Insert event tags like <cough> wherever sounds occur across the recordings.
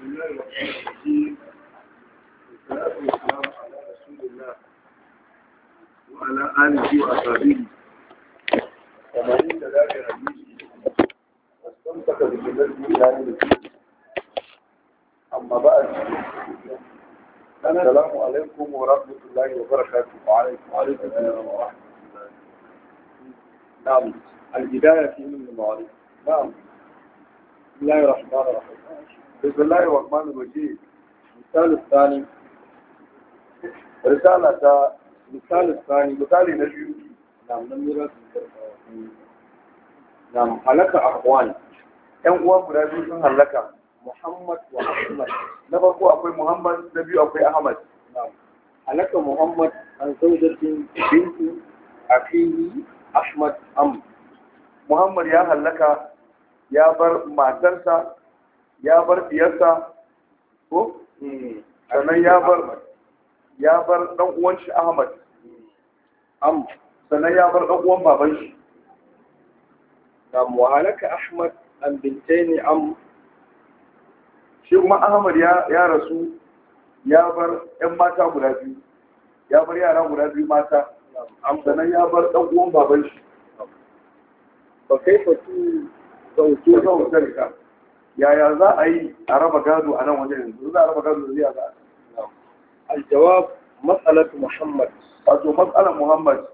بسم الله الرحمن الرحيم والصلاة والسلام على رسول الله وعلى آله وأصحابه ومن اهتدى بهديه واستمسك بسنته إلى يوم أما بعد السلام عليكم ورحمة الله وبركاته وعليكم السلام ورحمة الله نعم البداية في من المعارف نعم بسم الله الرحمن الرحيم بسم الله الرحمن الرحيم مثال الثاني رسالة مثال الثاني مثال نبي نعم نميرة نعم هلك أخوان ‘yan uwa guda biyu sun hallaka na farko akwai Muhammad na biyu akwai Ahmad halaka Muhammad an zaujatin bintu akihi Ahmad am Muhammad ya hallaka ya bar matarsa ya bar diyarsa ko sannan ya bar ya bar dan shi Ahmad sannan ya bar ɗan'uwan baban shi Da wa Ahmad an bintaini am shi kuma Ahmad ya rasu ya bar 'yan mata guda biyu ya bar yara guda biyu mata sannan ya bar ɗan'uwan baban shi fa kaifa tu zautu zautarka yaya za a yi a raba gado a nan wajen yanzu za a raba gado zai za a aljawab matsalar muhammad wato matsalar muhammad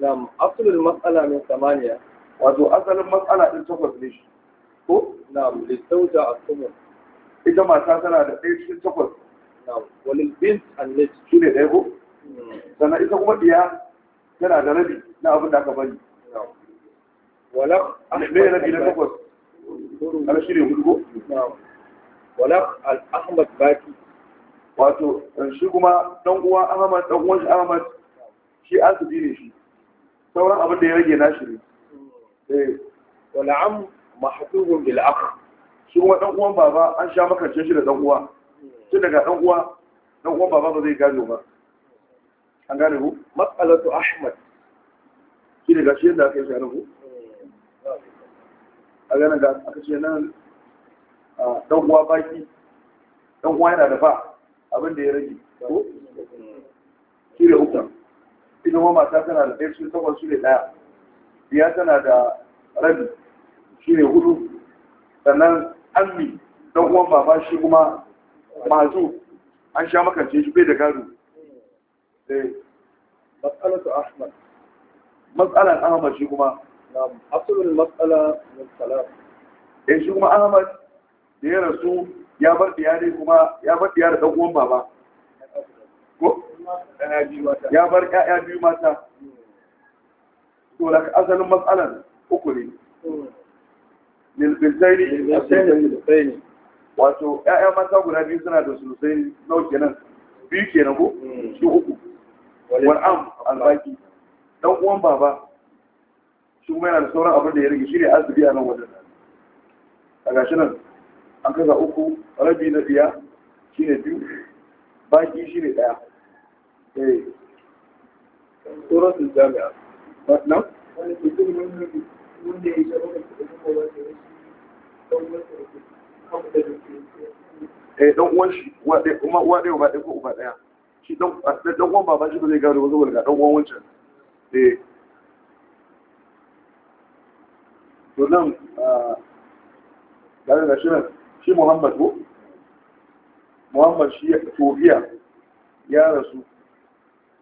nam asalin matsala ne samaniya wato asalin matsala ɗin takwas ne shi ko nam lissauta a sumun ita mata tana da ɗaya cikin takwas nam walil bin annis shi ne ɗaya ko hmm. sannan ita kuma ɗiya tana da rabi na abin da aka bari wala ahmed rabi na takwas ana shirya hudu ko wala ahmad baki wato shi kuma dan uwa ahmad dan uwan shi ahmad shi asibi ne shi sauran abin da ya rage nashi ne eh wala am mahdubun bil akh shi kuma dan uwan baba an sha makance shi da dan uwa tun daga dan uwa dan uwan baba ba zai gado ba an gane ku mas'alatu ahmad shi daga shi yadda aka yi shi ku a ganin da aka ce nan a uwa baki dan yana da ba abin da ya rage ko shi da hukun ina ma mata tana da ɗaya su takwas su ne ɗaya biya tana da rabi shi ne hudu sannan ammi dan uwan baba shi kuma mazu an sha makance shi bai da gado eh. ta ahmad matsalan ahmad shi kuma أصل المسألة من ثلاث إيه شو ما أحمد يا رسول يا برد يا ريك وما يا برد يا ريك وما بابا يا برد يا biyu mata to da أصل المسألة uku ne lilbisaini wato ƴaƴa mata guda biyu suna da sulusai nau kenan biyu kenan ko hmm. su uku wal'am albaki dan uwan baba kuma yana da sauran abin da ya rage shi ne a nan wajen a gashi nan an kaza uku rabi na biya shi ne biyu baki shi ne ɗaya eh. sauran tsoron jami'a nan eh dan uwan shi uwa ɗaya kuma ba ɗaya ko uba ɗaya shi dan uwan baba shi ba zai gado wasu wani ga dan uwan wancan eh to a da shi shi muhammad ko muhammad shi ya tobiya ya rasu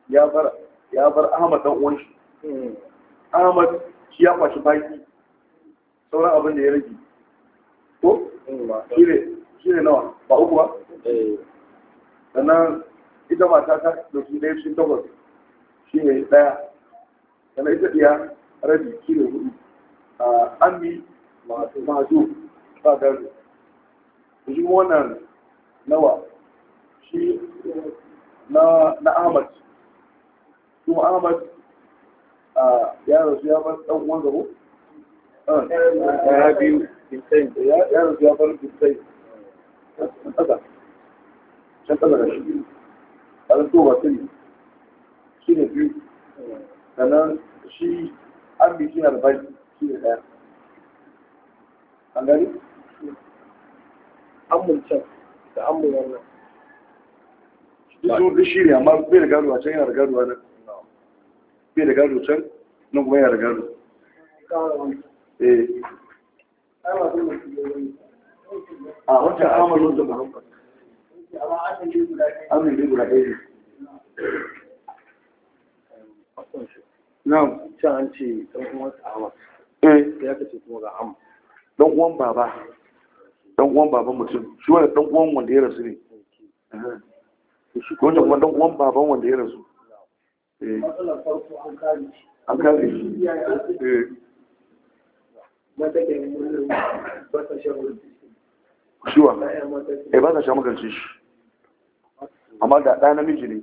ya bar ahmad dan uwan shi hmm. ahmad shi ya kwashi baki sauran abin da ya rage ko hmm. shi ne nawa ba uku ba eh. sannan ita mata ta dauki ɗaya cikin takwas shi ne ɗaya sannan ita ɗiya rabi shi ne hudu ammi mazu ba gado shi wannan nawa shi na ahmad su ahmad ya rasu ya bar ɗan uwan gabo ya biyu ya rasu ya bar bisai can ƙasa can ƙasa da shi a zan to ba sani shi ne biyu sannan shi an bi shi na da baki shi ne ɗaya da amul duk shi ne amma bai da gado a can yana da gado a nan bai da gado can nan kuma yana da gado eh. a ah, da guda ɗaya ne can an ce ɗan kuma eh aka uwan baba uwan baban mutum uwan wanda ya rasu ne uwan baban wanda ya rasu eh. an eh. ba eh, sha amma da ɗa namiji ne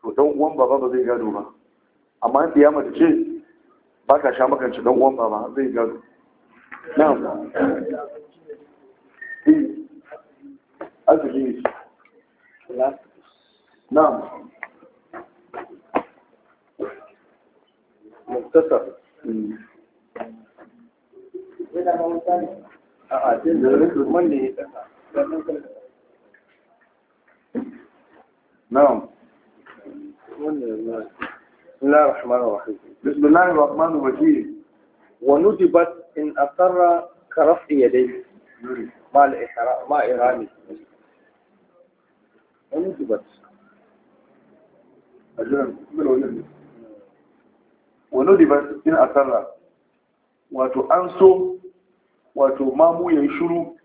to ɗan uwan baba ba zai gado ba amma in ya mace ce ba ka sha makanci don uwan baba zai gado na'am azumi Na muktasar a'a sai da rikin Na ne بسم الله الرحمن الرحيم بسم الله الرحمن الرحيم وندبت إن أثر كرفع يديه ما wato mamu ya shuru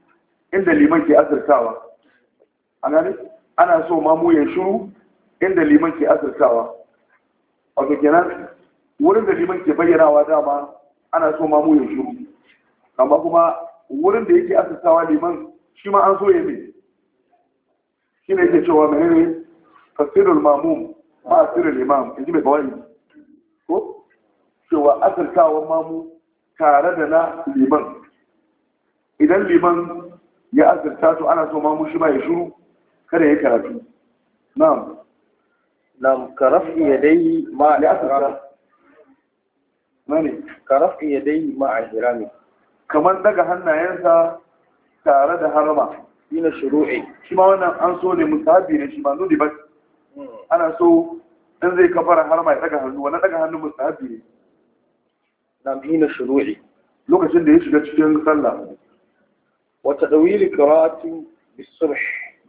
inda liman ke azurtawa ana so mamu ya yi shuru ke azurtawa wato kenan wurin da liman ke bayyanawa dama ana so ma mu ya shiru amma kuma wurin da yake asusawa liman shi ma an so ya bi shi ne yake cewa mai ne tafsirul mamum ma asirin imam in ji mai kawai ko cewa asirtawan mamu tare da na liman idan liman ya asirta to ana so mamu shi ma ya shiru kada ya karatu na'am nam ka rafi yadayhi ma al-ihram mane ka rafi yadayhi ma al-ihram kamar daga hannayensa tare da harama ina shuru'i shi ma wannan an so ne musabi ne shi ba nuni ba ana so dan zai kafara harama ya daga hannu wannan daga hannu musabi ne nam ina shuru'i lokacin da ya shiga cikin sallah wata dawili qira'atin bis-subh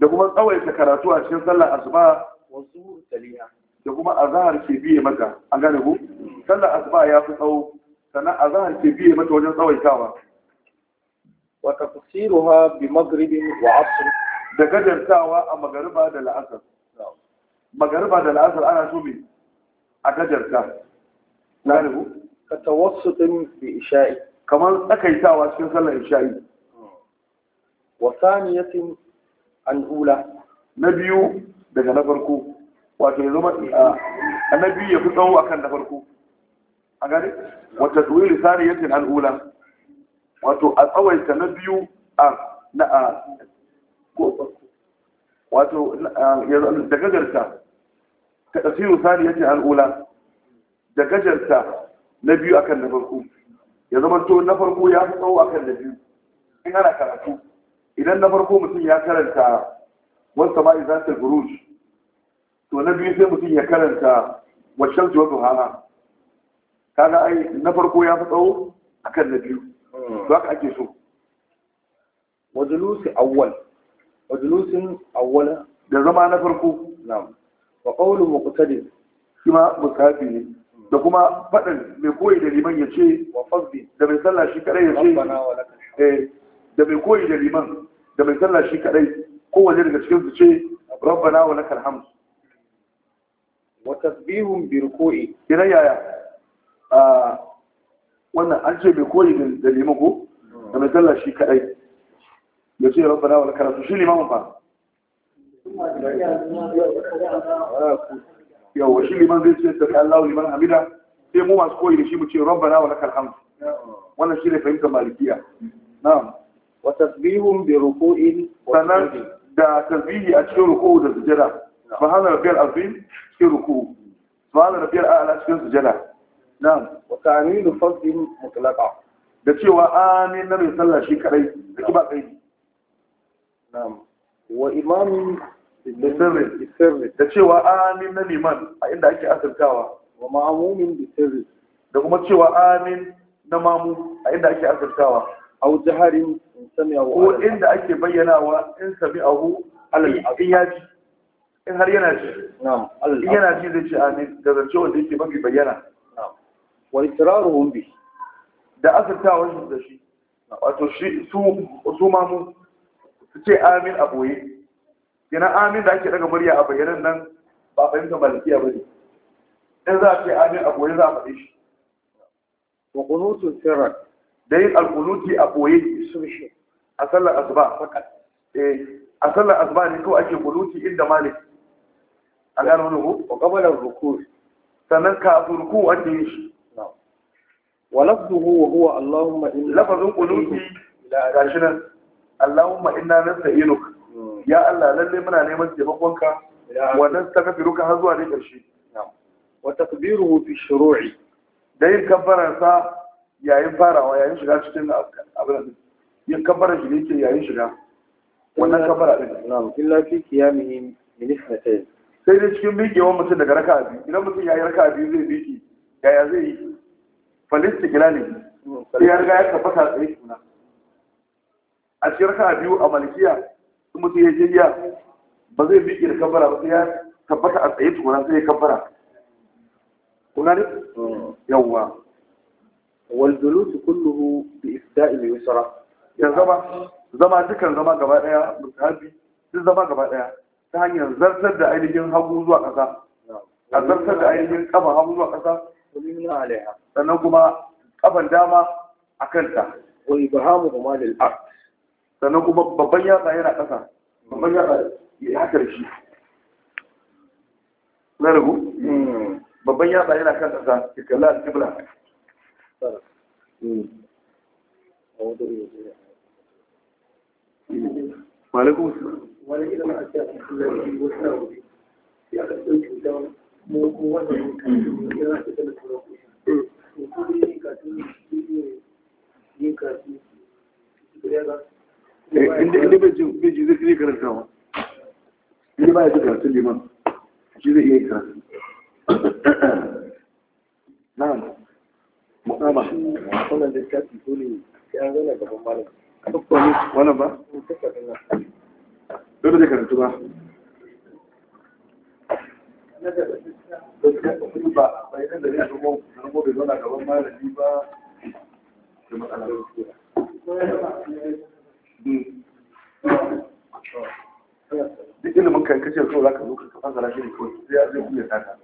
da kuma tsawaita karatu a cikin sallah asuba wasu taliya da kuma azahar ke biye mata an gane ku sallar asuba ya fi tsawo sannan azahar ke biye mata wajen tsawaitawa wa tafsiruha bi maghribin wa asr da gajartawa a magariba da la'asar magariba da la'asar ana so me a gajarta gane ku ka tawassutin bi isha'i kamar tsakaitawa cikin sallar isha'i wa saniyatin an ula na biyu daga na farko wato ya zama a annabi ya fi tsawo kan na farko a gani wata duwi lisani yankin al'ula wato a tsawaita na biyu a na a wato da gajarta ta tasiru sani yankin al'ula da gajarta na biyu a kan na farko ya zama to na farko ya fi tsawo kan na biyu in ana karatu idan na farko mutum ya karanta wasu sama'i za ta to na biyu sai mutum ya karanta wa su wa hana kaga ai na farko ya fi tsawo akan na biyu to haka ake so wajulusi awwal wajulusin awwal da zama na farko na'am wa qawlu muqtadi kuma ma ne da kuma fadan mai koyi da liman ya ce wa fasbi da mai sallah shi kadai ya ce eh, da mai koyi da liman da mai sallah shi kadai kowanne daga cikin su ce rabbana wa lakal hamd wa tasbihun bi ruku'i kira yaya ah, wannan an ce bai koyi da liman ko talla shi kadai ya ce rabbana wal karatu shi limamin fa yawa shi liman zai ce tafi Allahu liman hamida sai mu masu koyi shi mu ce rabbana wa lakal hamd wannan shi ne fahimtar malikiya na'am wa tasbihun bi ruku'in sanan da tasbihi a cikin ruku'u da sujada subhana rabbiyal azim cikin ruku subhana rabbiyal a'la cikin sujada na'am wa ta'minu fadlin mutlaqa da cewa amin na mai sallah shi kadai da kiba kai na'am wa imamin bisirri bisirri da cewa amin na liman a inda ake asirtawa wa ma'amumin bisirri da kuma cewa amin na mamu a inda ake asirtawa au jaharin in sami'a ko inda ake bayyanawa in sami'ahu alal in yaji in har yana ji yana ji zai ce amin da zance wanda yake mafi bayyana wani tsirarun wumbi da asirtawan shi da shi wato shi su mamu su ce amin a ɓoye yana amin da ake daga murya a bayyanan nan ba a fahimta malakiya ba ne in za a ce amin a ɓoye za a faɗi shi wa kunutun sirran da yin alkunuti a ɓoye sun shi a sallar asuba fakat eh, a sallar asuba ne kawai ake kunuti inda malik an gano wani ku wa qabalar ruku sannan kafin ruku wanda ya shi wa lafzuhu wa huwa allahumma inna lafazin qulubi gashi nan allahumma inna nasta'inuka hmm. ya Allah lalle muna neman taimakonka wa nastaghfiruka har zuwa ne karshe wa takbiruhu fi shuru'i da yin kabbarar sa yayin farawa yayin shiga cikin abin yin kabbarar shi ne yake yayin shiga wannan kabbara din na'am illa fi qiyamihi min ihdatay sai dai cikin miƙewar mutum daga raka biyu idan mutum ya yi raka biyu zai miƙe yaya zai yi falisti gila ne sai ya riga ya tabbata tsaye suna a cikin raka biyu a malikiya in mutum ya je biya ba zai miƙe da kabbara ba sai ya tabbata a tsaye tukuna sai ya kabbara kuna ne yawwa والجلوس كله بإفداء Yanzu يا zama zama ذكر زما غبا ديا مصحابي duk zama gaba daya ta hanyar zartar da ainihin hagu zuwa ƙasa a zartar da ainihin ƙafa hagu zuwa ƙasa sannan kuma ƙafan dama a kanta wa ibrahimu kuma lil ard sannan kuma babban yatsa yana ƙasa babban yatsa ya haka da shi na ragu babban yatsa yana kan ƙasa ke kalla da kibla Wa alaikum salam. wani irin a ce a cikin lafi wasu na wuri sai aka ɗauki wuta mu ko wannan ne kan yi yana ta tana tura ko ko dai yin kasu ne yin kasu ya eh, inda bai ji bai ji zai karanta ma inda ba ya ji karatu liman shi zai iya karatu <coughs> na'am mu'ama wannan da ta fito ne ya zana gaban malam wannan ba? bai ba zai karatu ba duk ilimin kan kashe kawai za ka zo ka fasara shi ne kawai sai ya zai ta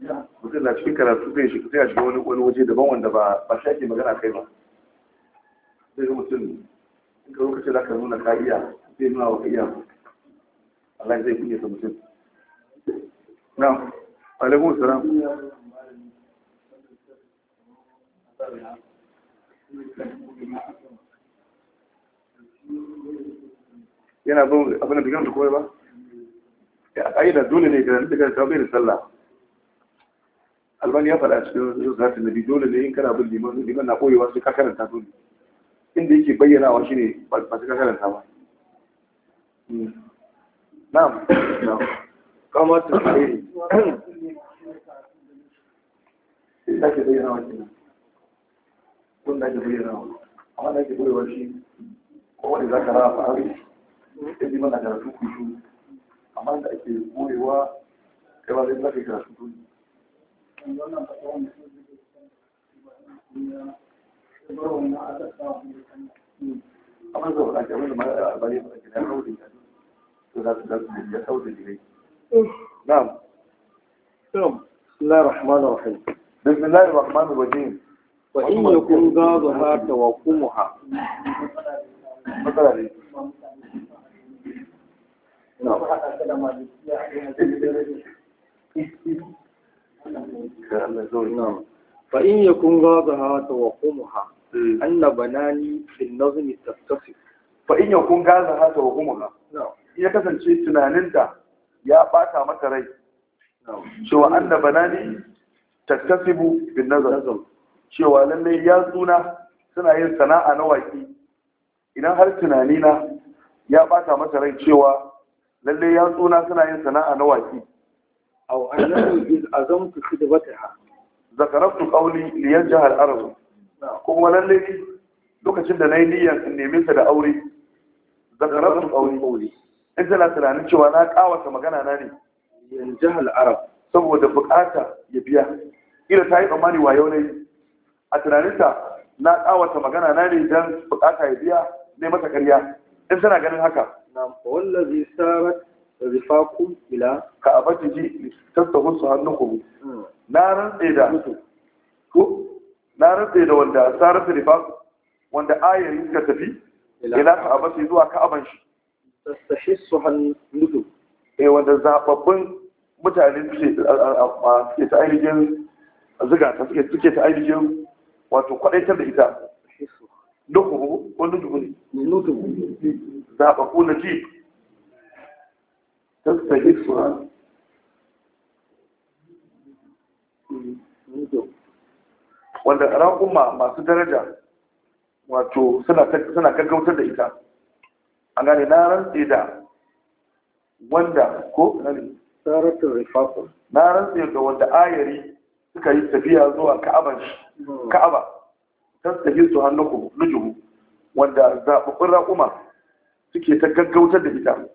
taka mutum na cikin karatu zai shiga wani waje daban wanda ba shi ake magana kai ba sai ga mutum in ka lokacin za ka nuna ka iya zai nuna wa ka iya Allah zai kunye ta mutum na alaikun salam yana bin abin da bigan da kowai ba a ƙa'ida dole ne ga daga tabi da sallah albani ya faɗa cikin zuwa bi dole ne in kana bin liman liman na koyewa sai ka karanta dole inda yake bayyana bayyanawa ne, ba ta karanta ba na'am kama ta kai da ke bayyanawa kenan wanda ake bayyanawa amma ke ake bayyanawa shi kowane za ka rafa a rai sai ji mana karatu ku shi amma da ake koyewa kai ba zai za ka karatu ku ne أما نعم بسم الله الرحمن الرحيم بسم الله الرحمن الرحيم وإن يكون بعضها توقمها مثلا نعم. نعم فإن يكون غاضها توقمها Mm. anna banani fil nazmi tattasif fa in yakun gaza hada wa umma ya kasance tunanin da ya bata mata rai cewa anna banani tattasibu bin nazar cewa lallai ya tsuna suna yin sana'a na waki idan har tunanina ya bata mata rai cewa lallai ya tsuna suna yin sana'a na waki aw annahu iz azamtu khidbataha zakaratu qawli liyanjaha al-arab kuma ne lokacin da na yi niyyar in da aure zakararsun aure in tana tunanin cewa na kawata magana na ne yin jihar arab saboda bukata ya biya ila ta yi tsammani wayo ne a tunaninta na kawata magana na ne don bukata ya biya ne mata karya in tana ganin haka na wallazi da rifakum ila ka abati ji hannun kuma hmm. na rantsa da na rufe da wanda sarasa da fasu wanda ayarin ka tafi ila ka'aba sai zuwa ka'aban shi tastahissu hal nudu eh wanda zababbin mutane suke suke ta ainihin ziga ta suke suke ta ainihin wato kwadaitar da ita duhu wani duhu ne nudu zababbu na wanda raƙuma masu daraja wato suna gaggautar da ita a gane na rantse da wanda ko nani saratun rifafun na rantse da wanda ayari suka yi tafiya zuwa ka'aban ka'aba ta tafi su hannuku lujuhu wanda zaɓaɓɓun raƙuma suke ta gaggautar da ita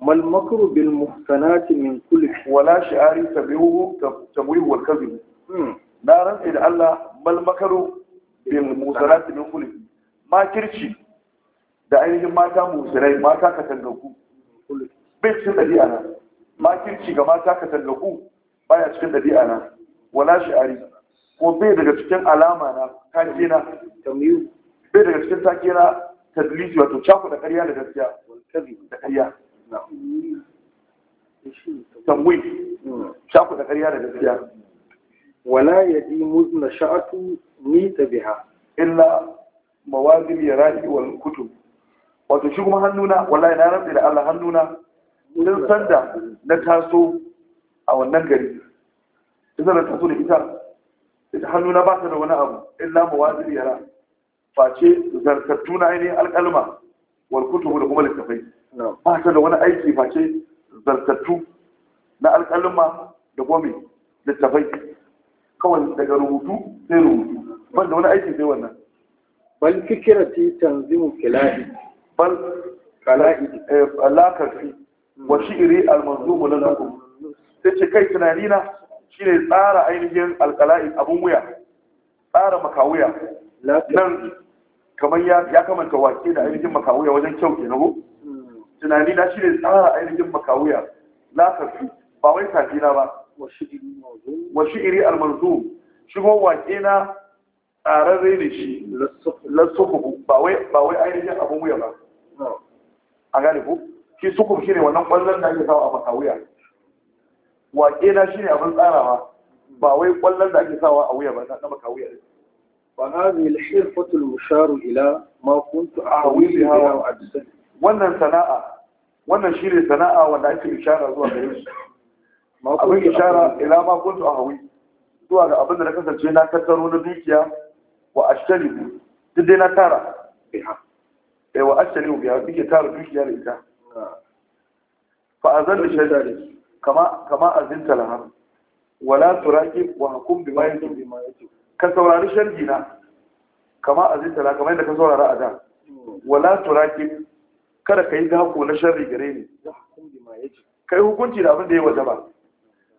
mal makru bil muhsanati min kulli wala shi'ari tabihu tabihu wal kadhib hmm. na rantse da Allah bal makaru bin musarat min kulli kirci da ainihin mata musulai mata katangaku bai cikin ɗabi'a na kirci ga mata katangaku baya cikin ɗabi'a na wala shi'ari ko bai daga cikin alama na kaje na tamiyu bai daga cikin take na tadlisi wato da ƙarya da gaskiya da ƙarya tamwi da hmm. ƙarya da gaskiya wala yadi muzna sha'atu nita biha illa mawazil yarati wal kutub wato shi kuma hannuna wallahi na rantsa da Allah hannuna sun sanda na taso a wannan gari idan na taso da ita ita hannuna ba ta da wani abu zartattu na ainihin alƙalma da kuma littafai ba ta da wani aiki Fashe zartattu na alƙalma da kuma littafai kawai daga rubutu sai rubutu ban da wani aiki sai wannan bal fikirati tanzimu kilahi bal kalahi eh, alakarfi wa shi'ri almanzumu lanakum sai ce kai tunani na shine tsara ainihin alqala'i abun wuya tsara makawuya nan kamar ya kamanta wake da ainihin makawuya wajen kyau ke nago hmm. tunani na shine tsara ainihin makawuya lakarfi ba wai kafina ba wa shi'iri al marzu shi kuma waƙe na tsararre ne shi lasukubu ba wai ainihin abin wuya ba a gane ku shi sukub shi ne wannan ƙwallon da ake sawa a maka wuya waƙe na shi ne abin tsarawa ba wai ƙwallon da ake sawa a wuya ba na maka wuya ne فهذه الحرفة المشار إلى ما كنت أعوي وأدسل wannan sana'a wannan shi ne sana'a wanda ake ishara zuwa gare shi abin ishara ila ma kuntu ahawi zuwa ga abin da na kasance na tattaro na dukiya wa ashtari duk dai na tara eh wa ashtari wa ya nake tara dukiya da ita fa azan da shajari kama kama azinta laha wala turaki wa hukum bima bi ma yajib ka saurari sharji na kama azinta laha kamar yadda ka saurara a da hmm. wala turaki kada ka yi dako na sharri gare ni kai hukunci da abin da ya wajaba ba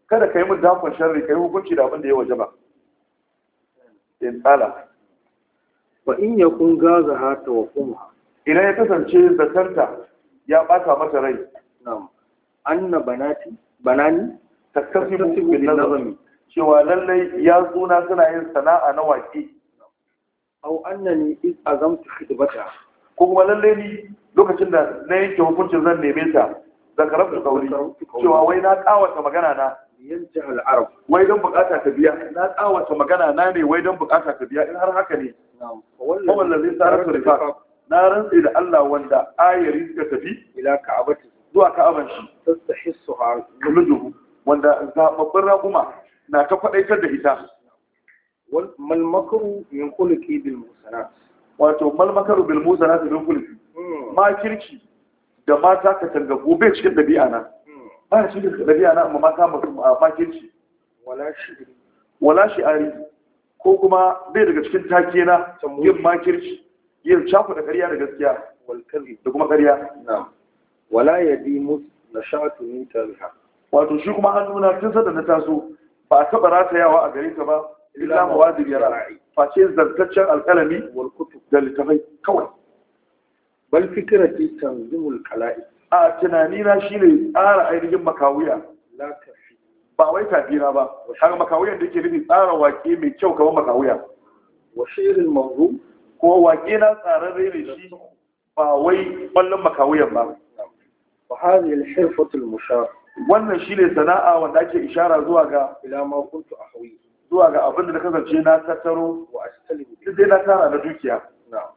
kada ka yi mun dakon sharri ka yi hukunci da abin da ya waje ba in tsala ba in ya kun gaza ha ta wa kuma idan ya kasance zakarta ya ɓata mata rai anna banati banani takkasibu na nazami cewa lallai ya tsuna suna yin sana'a na waƙi au annani iz azamtu khidbata ko kuma lallai ni lokacin da na yanke hukuncin zan neme ta zakarabtu kauri cewa wai na kawata magana na yanta al'arab wai don bukata ka biya na tsawata magana na ne wai don bukata ka biya in har haka ne kuma lalle tsarar rifa na rantsi da Allah wanda ayari suka tafi ila ka'abati zuwa ka'aban shi tastahissu ha guluduhu wanda zababbin raguma na ta kwadaitar da ita wal malmakaru min khuluqi bil musanat wato malmakaru bil musanat min khuluqi hmm. ma kirki da mata ka tanga gobe cikin dabi'a na ba shi da rabiya na amma mata masu a fakirci wala shi'ari ko kuma bai daga cikin take na yin makirci yin cakuɗa ƙarya da gaskiya da kuma ƙarya wala ya di musu na shatu min tariha wato shi kuma hannuna tun da na taso ba a taɓa ratayawa a gare ta ba illa mawadir ya ra'ayi face zartaccen alƙalami da littafai kawai bal fikirati tanzimul kala'i a tunanina shi ne tsara ainihin makawiya ba wai tafira ba har makawiyan da ke nufi tsara wake mai kyau kamar makawiya washirin manzo ko wake na tsararre ne shi ba wai ballon makawiyan ba wa hadhihi al-hirfatu al-mushar wannan shine sana'a wanda ake ishara zuwa ga ila ma kuntu ahwi zuwa ga abinda da kasance na tattaro wa astalimu dai na tara na dukiya na'am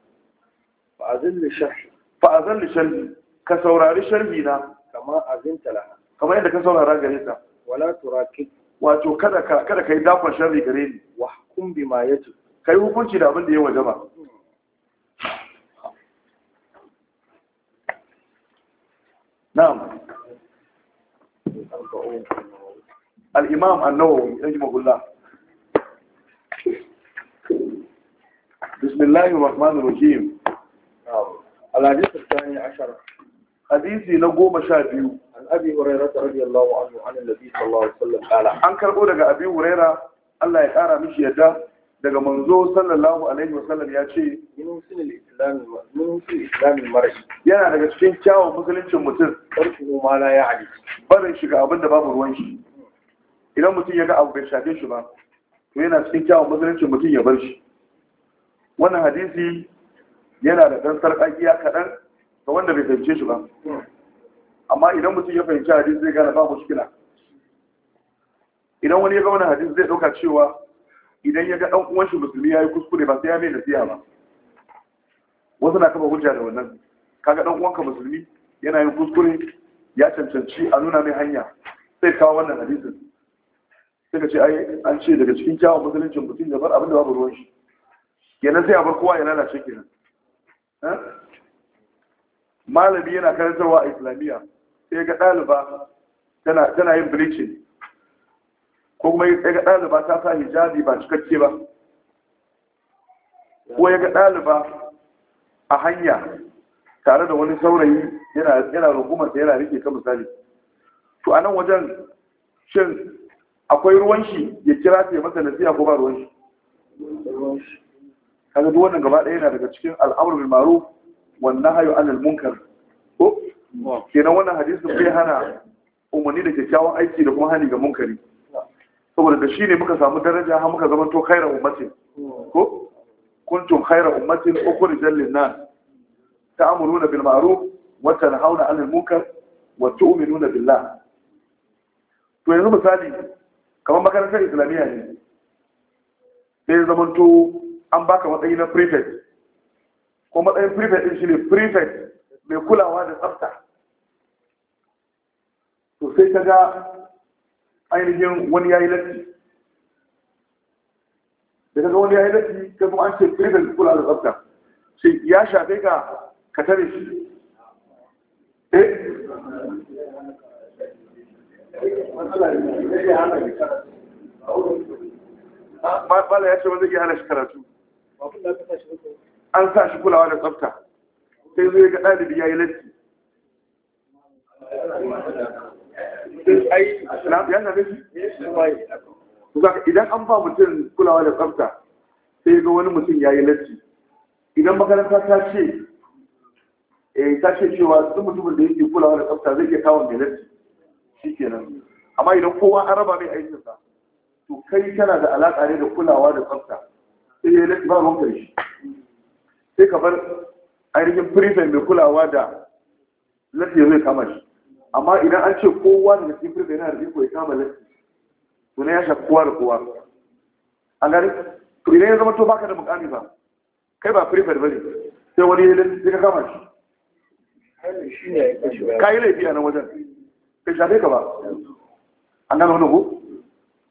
fa azil ka saurari sharbi na kama azinta laha kama yadda ka saurara gare ta wala turaki wato kada ka kada kai dafa sharri gare ni wa hukum bima yatu kai hukunci da abin da ya ba na'am al-imam an-nawawi rahimahullah بسم الله الرحمن الرحيم الحديث الثاني عشر hadisi na goma sha biyu an abi hurairah radiyallahu anhu an annabi sallallahu alaihi wasallam an karbo daga abi hurairah Allah ya kara mishi yadda daga manzo sallallahu alaihi wasallam ya ce min husn al-islam min al-islam mar'i yana daga cikin kyawun musuluncin mutum tarku ma ya ya'ni barin shiga abin da babu ruwan shi idan mutum ya ga abu bai shafe shi ba to yana cikin kyawun musuluncin mutum ya bar shi wannan hadisi yana da dan sarƙaƙiya kaɗan ga wanda bai fahimce shi ba amma idan mutum ya fahimci hadis zai gane babu shikila idan wani ya ga wani hadis zai dauka cewa idan ya ga ɗan shi musulmi yi kuskure ba sai ya mai nasiha ba wasu na kafa hujja da wannan kaga ɗan uwanka musulmi yana yin kuskure ya cancanci a nuna mai hanya sai kawo wannan hadisin sai ka ce ai an ce daga cikin kyawun musuluncin mutum ya bar abin da babu ruwan shi kenan sai a bar kowa ya lalace kenan hm? malami yana karantarwa a islamiyya sai ga ɗaliba tana yin bleaching ko kuma sai ga ɗaliba ta sa hijabi ba cikakke ba ko ya ga ɗaliba a hanya tare da wani saurayi yana da yana rike ka misali to a nan wajen shin akwai ruwan shi ya kira ta yi masa nasiya ko ba ruwan shi kaga duk wannan gaba ɗaya yana daga cikin al'amur bil ma'ruf wannan hayo المنكر munkar ko kenan wannan hadisin bai hana umarni da kyakkyawan aiki da kuma hani ga munkari saboda da shi ne muka samu daraja har muka zama to khairar ummatin ko kuntum khairar ummatin nan? Ta nas ta'muruna bil ma'ruf wa tanhauna 'anil munkar wa tu'minuna billah to yanzu misali kamar makarantar islamiyya ne sai zaman to an baka matsayi na prefect ko matsayin prefect din shi ne prefect mai kulawa da tsafta to sai ta ga ainihin wani ya yi latti da ta ga wani ya yi latti ta kuma an ce prefect kulawa da tsafta shi ya shafe ka ka tare shi Bala eh? ya ce wanda ke hana shi karatu. an sa shi kulawa da tsafta sai zai ga ɗalibi ya yi latti idan an ba mutum kulawa da tsafta sai ga wani mutum ya yi latti idan makaranta ta ce eh, ta ce cewa duk mutumin da yake kulawa da tsafta zai iya kawo mai latti shi kenan amma idan kowa an raba mai aikinsa to kai tana da alaƙa ne da kulawa da tsafta sai ya yi latti ba ruwan shi sai ka bar ainihin prefect mai kulawa da lafiya zai kama shi amma idan an ce kowa da cikin prefect yana da iko ya kama lafi to ne ya shafi kowa da kowa an gani to idan ya zama to baka da mukami ba kai ba prefect bane sai wani ya lafiya sai ka kama shi ka yi laifi a nan wajen bai shafe ka ba an gano wani ko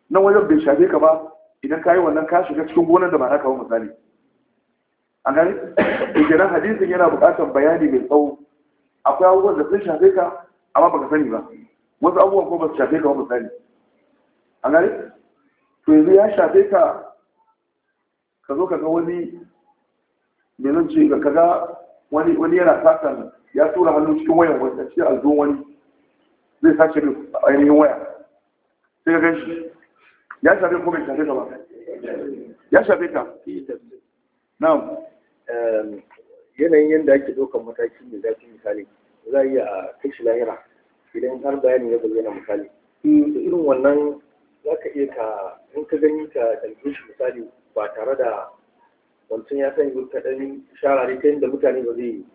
nan wajen bai shafe ka ba idan ka yi wannan ka shiga cikin gonar da ba na kawo misali a gani <coughs> ikinan hadisin yana buƙatar bayani mai tsawo akwai abubuwan da sun shafe ka amma baka sani ba wasu abubuwan ko ba su shafe ka ba sani a gani to yanzu ya shafe ka ka zo ka ga wani mai zan ce ka ga wani wani yana sakan ya tura hannu cikin wayan wani cikin alzon wani zai sace ainihin waya sai ka gan shi ya shafe ko bai shafe ka ba ya shafe ka na'am yanayin yadda ake ɗaukar mataki da zafi misali za a iya a kai shi lahira idan har bayani ya bayyana misali e, da irin wannan za ka iya ka in ka gani ka ɗauke shi misali ba tare da wancan ya sanya ka ɗan shara ta yadda mutane ba zai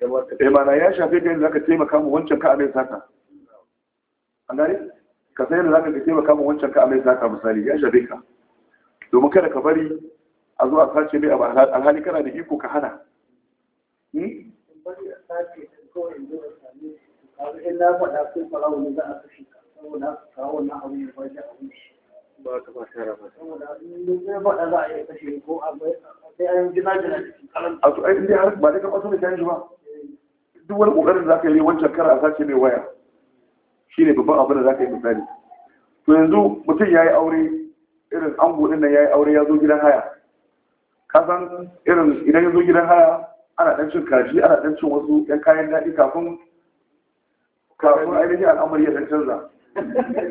zama ka kai eh, ya shafe ta yadda za ka taimaka mu wancan ka amai saka an gane ka san yadda za ka taimaka mu wancan ka amai saka misali ya shafe ka domin kada ka bari a zuwa sace mai alhali kana da iko ka hana ce kawai in sami kawo in na faɗa ko farawo ne za a kashe ka saboda kawo na abu ya bar da abu shi ba ka ba tara ba saboda in ne faɗa za a iya kashe ko a sai an gina gina cikin kalan a to ai dai har ba dai ka fasu da kan ba eh. duk wani ƙoƙarin da ka yi wancan kara a sace mai waya Shi ne babban abin da ka yi misali to yanzu mutum ya yi aure irin ango din nan ya yi aure ya zo gidan haya Ka san irin idan ya zo gidan haya ana ɗan cin kaji ana ɗan cin wasu ɗan kayan daɗi kafin kafin ainihin al'amari ya ɗan canza <laughs>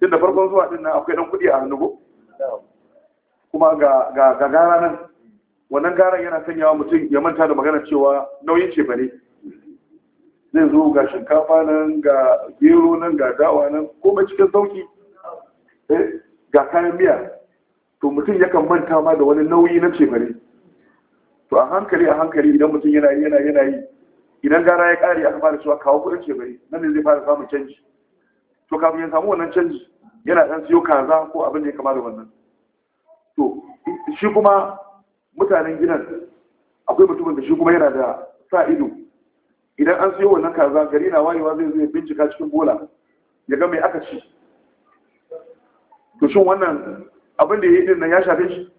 tun da farkon zuwa ɗin na akwai ɗan kuɗi a hannu kuma ga ga gara nan wannan garan yana sanyawa mutum ya manta da magana cewa nauyin ce bane zai zo ga shinkafa nan ga gero nan ga dawa nan komai cikin sauki eh, ga kayan miya to mutum yakan manta ma da wani nauyi na ce bane to a hankali a hankali idan mutum yana yi yana yana yi idan gara ya kare aka fara cewa kawo kudin ce bai nan ne zai fara samun canji to kafin ya samu wannan canji yana dan siyo kaza ko abin da ya kama da wannan to shi kuma mutanen gidan akwai mutumin da shi kuma yana da sa ido idan an siyo wannan kaza gari na wayewa zai zai bincika cikin bola ya ga mai aka ci to shin wannan abin da ya yi din nan ya shafe shi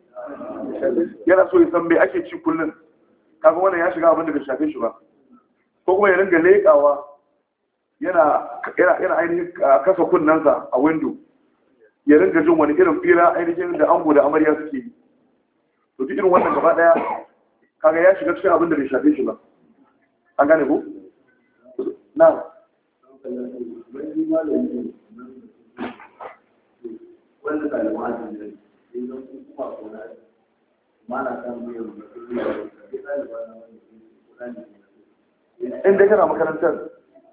yana so ya san mai ake ci kullum kafin wannan ya shiga abin da bai shafe shi ba ko kuma ya ringa leƙawa yana ainihin kasa kunnensa a windo ya ringa jin wani irin fira ainihin da ango da amarya suke yi to duk irin wannan gaba daya kaga ya shiga cikin abin da bai shafe shi ba an gane ko na wanda ɗaliban ajiyar ne zan kuma kona in dai kana makarantar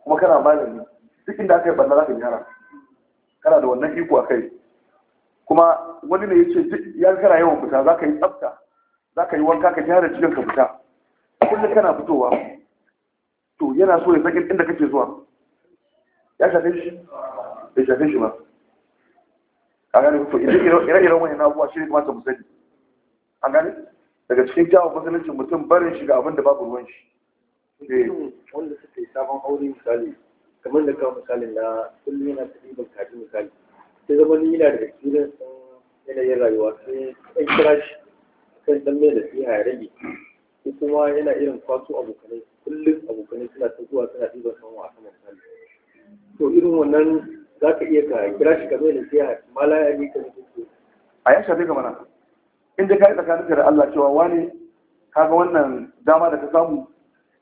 kuma kana malami duk inda aka yi balla za ka gyara kana da wannan iko a kai kuma wani ne ya ce ya kana yawan fita za ka yi tsafta za ka yi wanka ka gyara cikin ka fita kullum kana fitowa to yana so ya san inda kake zuwa ya shafe shi bai shafe shi ba a gane to idan ire-iren wani na abuwa shi ne kamata mu sani an gani daga cikin kyawun musulunci mutum barin shiga abin da babu ruwan shi eh. wanda suka yi sabon aure misali kamar da kawo misali na kullum yana tafi ban kaji misali sai zama ni yana da experience yanayin rayuwa sai ɗan kira shi kan ɗan mai da siya ya rage ko kuma yana irin kwaso abokanai kullum abokanai suna ta zuwa suna ɗiban sanwa a saman misali to irin wannan za ka iya ka kira shi ka mai da siya mala ya yi ka a yan shafe ka mana inda ka yi tsakaninka da Allah cewa wane kaga wannan dama da ka samu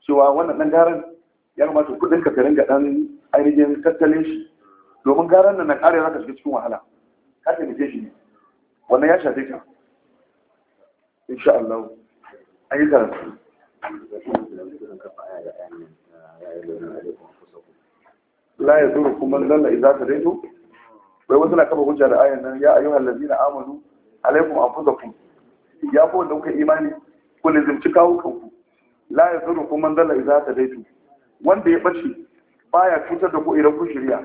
cewa wannan dan garan ya kamata kudin ka ga dan ainihin tattalin shi domin garan nan na kare ka shiga cikin wahala ka taimake shi ne wannan ya shafe ka insha Allah an yi karatu la ya zuru kuma lalla idza daito wai wasu na kafa hujja da ayan nan ya ayyuhal ladina amanu alaikum anfusakum ya fi wanda kuka imani ku lizimci kawo kanku la ya zuru ku man zalla idza tadaitu wanda ya bace baya cutar da ku idan ku shirya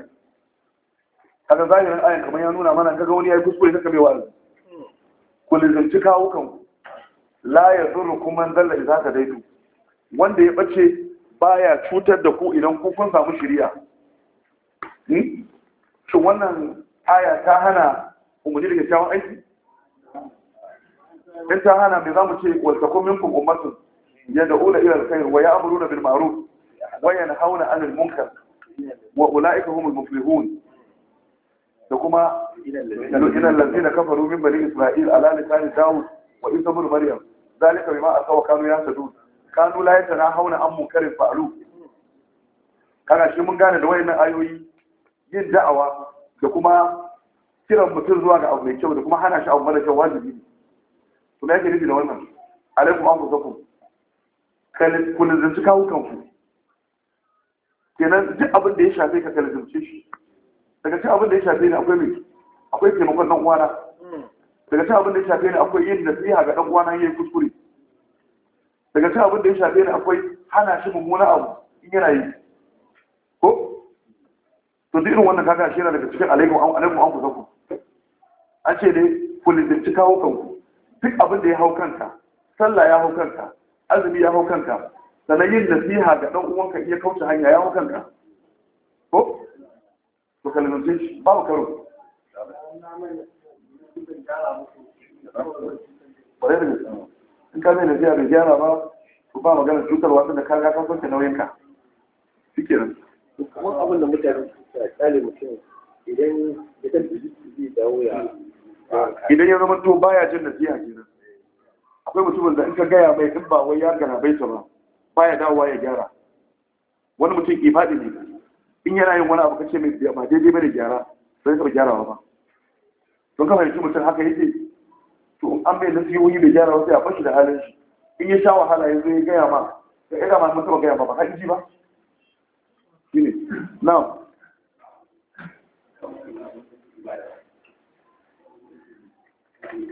kaga zahirin ayan kamar ya nuna mana kaga wani ya yi kuskure kaka mai wa'azi ku lizimci kawo kanku la ya zuru ku man zalla idza tadaitu wanda ya bace baya cutar da ku idan ku kun samu shirya hmm? shin wannan aya ta hana umarni da kyakkyawan aiki in ta hana me za mu ce waltakun minkum yadda ula ila kai wa ya'muruna bin ma'ruf wayan hauna 'anil munkar wa ulaika humul muflihun da kuma ila allazina kafaru min bani isra'il ala lisan dawud wa isa ibn maryam zalika bima asaw kanu sadu. kanu la hauna an munkarin fa'alu kana shi mun gane da wayannan ayoyi yin da'awa da kuma kiran mutum zuwa ga abu mai kyau da kuma hana shi abu mara kyau wajibi ne to yake nufi da wannan alaikum an kusaku ku nazarci kawo kanku kenan duk abin da ya shafe ka ka shi daga cikin abin da ya shafe ni akwai mai akwai taimakon dan uwana daga cikin abin da ya shafe ni akwai yin nasiha ga dan uwana yayin kuskure daga cikin abin da ya shafe ni akwai hana shi mummuna abu in yana yi ko to duk irin wannan kaga shi yana daga cikin alaikum alaikum an kusaku an ce dai ku nazarci kawo kanku duk abin da ya hau kanka sallah ya hau kanka azumi ya hau kanka sannan yin nasiha ga dan uwanka iya kauce hanya ya hau kanka ko to kalmanci shi ba karo bare da gaske in ka mai nasiha bai gyara ba to ba magana cutarwa tunda ka ga ka sauke nauyinka kuma abin da mutane suka tsale mutum idan ya tafi zai dawo ya idan ya zama to baya jin nasiha kenan akwai mutumin da in ka gaya mai in ba wai ya gana bai ta ba baya dawowa ya gyara wani mutum ke fadi ne in yana yin wani abu kace mai ba daidai bane gyara sai ka gyarawa ba don ka fahimci mutum haka yake to in an bai nasihohi bai gyara wasu ya fashi da halin shi in ya sha wahala yanzu ya gaya ma ka ina ma mutum gaya ma ba ka ji ba shine na'am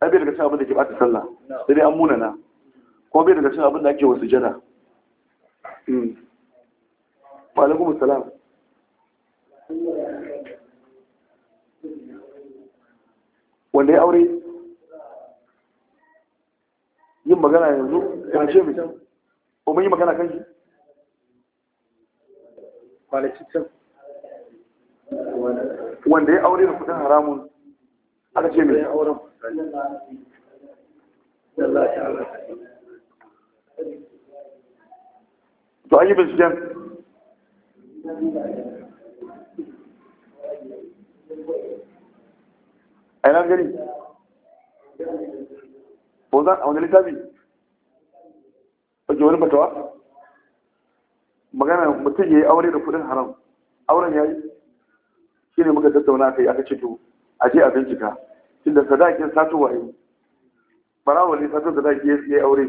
ai bai daga cin abin da ke bata sallah sai dai an munana ko bai daga cin abin da ake wasu jada hmm. wa alaikum wanda ya aure yin magana yanzu ya ce mai ko mun yi magana kan shi wanda ya aure da kudin haramun aka ce mai to an yi binciken a yana gani bozan a wani littafi ake wani fatawa magana mutum ya yi aure da kudin haram auren ya yi shi ne muka tattauna kai aka ce to a je a bincika inda sadakin sato waye barawa ne sato sadaki ya yi aure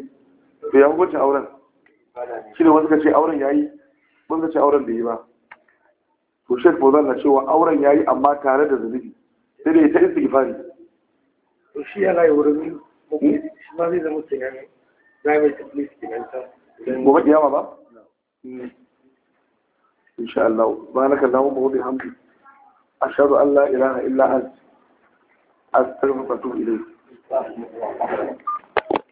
to ya hukuncin auren shi ne wasu kace auren ya yi wasu ka auren bai yi ba to ko zan na cewa auren ya yi amma tare da zunubi sai dai ta istighfari to shi ya rayu wurin shi ma zai zama tunanin private police kinanta gobe kiyama ba insha Allah ba na kallon mahudu hamdu ashhadu an Allah ilaha illa anta astagfirullahaladzim.